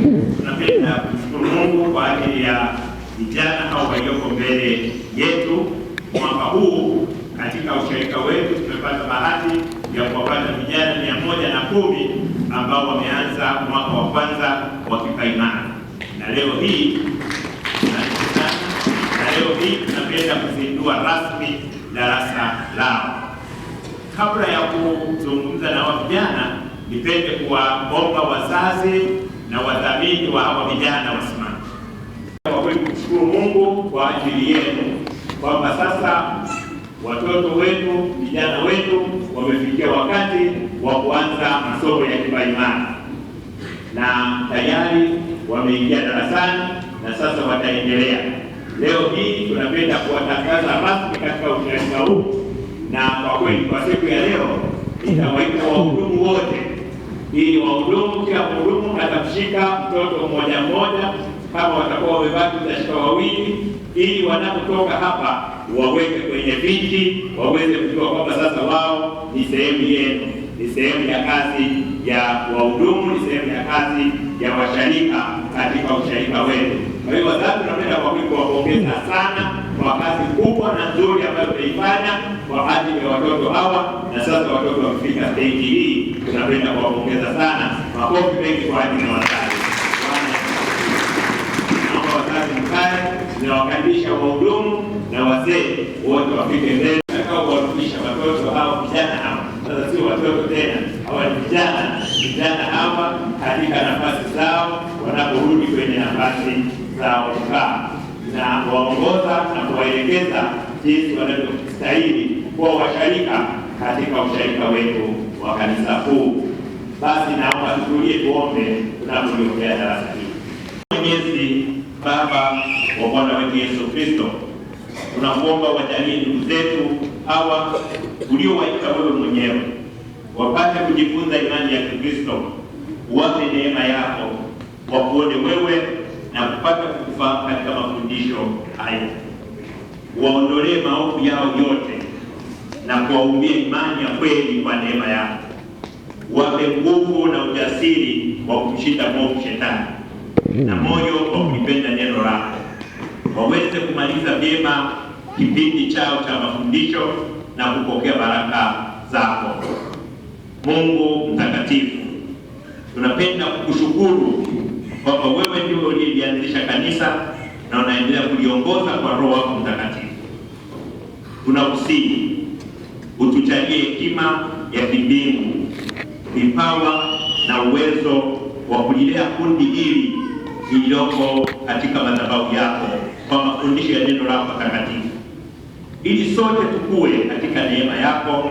tunapenda kushukuru Mungu kwa ajili ya vijana hao walioko mbele yetu. Mwaka huu katika ushirika wetu tumepata bahati ya kuwapata vijana mia moja na kumi ambao wameanza mwaka wa kwanza wa kipaimara, na leo hii na leo hii tunapenda kuzindua rasmi darasa lao. Kabla ya kuzungumza na vijana nipende kuwaomba wazazi na wadhamini wa hawa vijana wasimame, kweli kushukuru Mungu kwa ajili yenu kwamba sasa watoto wetu vijana wetu wamefikia wakati wa kuanza masomo ya kipaimara na tayari wameingia darasani na sasa wataendelea. Leo hii tunapenda kuwatangaza rasmi katika ushirika huu, na kwa kweli kwa siku ya leo nitawaita wahudumu wote ili wahudumu, kila mhudumu atamshika mtoto mmoja mmoja, kama watakuwa wamebaki utashika wawili, ili wanapotoka hapa waweke kwenye viti, waweze kujua kwamba sasa wao ni sehemu yenu, ni sehemu ya kazi ya wahudumu, ni sehemu ya kazi ya washarika katika usharika wenu. Kwa hiyo wazazi, tunapenda kwa kuwapongeza sana kwa kazi kubwa na nzuri ambayo tumeifanya kwa ajili ya watoto hawa, na sasa watoto wamefika steji hii, tunapenda kuwapongeza sana. Makofi mengi kwa ajili ya wazazi. Naomba wazazi mkae, nawakaribisha wahudumu na wazee wote wafike mbele kuwarudisha watoto hawa, vijana hawa sasa sio watoto tena, hawa ni vijana, vijana hawa katika nafasi zao wanaporudi kwenye nafasi zao kaa na kuwaongoza na kuwaelekeza jinsi wanavyostahili kuwa washarika katika usharika wetu wa kanisa kuu. Basi naomba tutulie, tuombe tunapoliombea darasa hili. Mwenyezi Baba wa Bwana wetu Yesu Kristo, tunakuomba wajalie ndugu zetu hawa uliowaita wewe mwenyewe wapate kujifunza imani ya Kikristo, wape neema yako wakuone wewe na kupata kufa katika mafundisho haya, waondolee maovu yao yote na kuwaumbia imani ya kweli kwa neema yao Wape nguvu na ujasiri wa kumshinda mwovu Shetani na moyo wa kulipenda neno lako. Waweze kumaliza vyema kipindi chao cha mafundisho na kupokea baraka zako. Mungu mtakatifu, tunapenda kukushukuru kwamba wewe ndiwe uliyelianzisha kanisa na unaendelea kuliongoza kwa Roho wako Mtakatifu. Tunakusihi utujalie hekima ya kimbingu, vipawa na uwezo wa kulilea kundi hili lililoko katika madhabahu yako kwa mafundisho ya neno lako takatifu, ili sote tukue katika neema yako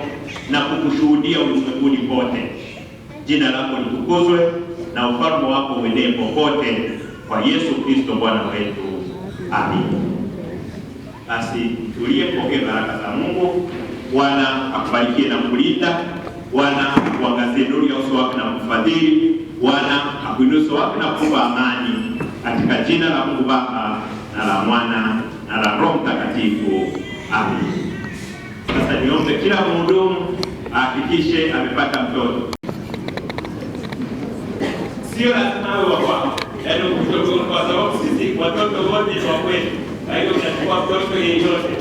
na kukushuhudia ulimwenguni pote. Jina lako litukuzwe na ufalme wako uenee popote kwa Yesu Kristo Bwana wetu. Amin. Basi tulie, pokea baraka za Mungu. Bwana akubarikie na kulinda. Bwana akuangazie nuru ya uso wake na kufadhili. Bwana akuinue uso wake na kukupa amani, katika jina la Mungu Baba na la Mwana na la Roho Mtakatifu. Amin. Sasa niombe kila mhudumu ahakikishe amepata mtoto sio lazima wewe wakwako, yaani kwa sababu sisi watoto wote ni wa kwetu. Kwa hiyo unachukua mtoto yeyote,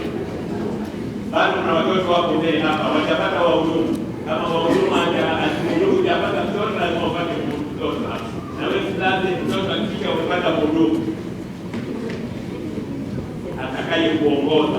bado na watoto wako mbele hapa, watapata wahudumu kama wahudumu aja akihudumu, utapata mtoto, lazima upate mtoto hapa, na wewe mzazi, mtoto akifika umepata mhudumu atakaye kuongoza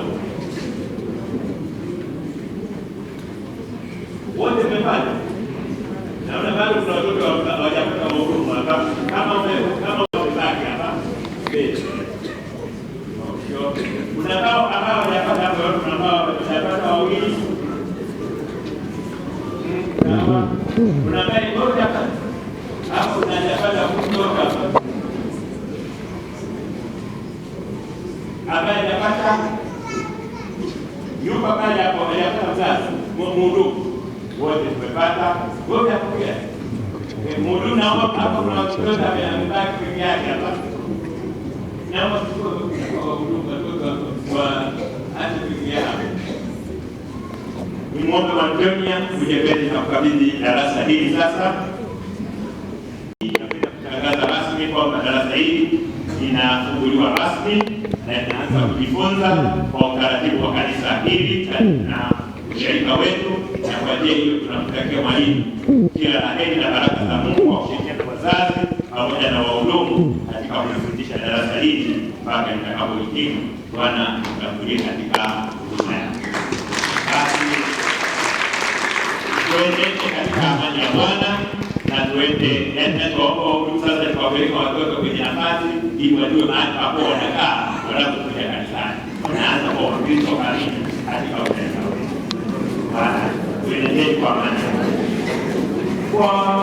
kutoka pale hapo aliyapata mzazi mhudumu, wote tumepata wote hapo pia mhudumu, hapo kuna mtoto ameambaki peke yake hapa, naomba tuko kwa mhudumu kwa hata peke yake nimwombe Antonia kuje na kukabidhi darasa hili sasa. Napenda kutangaza rasmi kwamba darasa hili inafunguliwa rasmi na inaanza hmm. kujifunza kwa utaratibu wa kanisa hili na hmm. ushirika wetu, na kwa njia hiyo tunamtakia mwalimu hmm. kila la heri na baraka za Mungu kwa kushirikiana wazazi pamoja na wahudumu katika kufundisha darasa hili mpaka nitakapohitimu. Bwana tutambulie katika huduma yake, basi tuendeshe katika amani ya Bwana. na tuende ende tuombo sasa, tukawapeleka watoto kwenye nafasi ili wajue mahali papo wanakaa wanapokuja kanisani, wanaanza kwa Wakristo kamili katika utendaji. Bwana tuelekee kwa maana kwa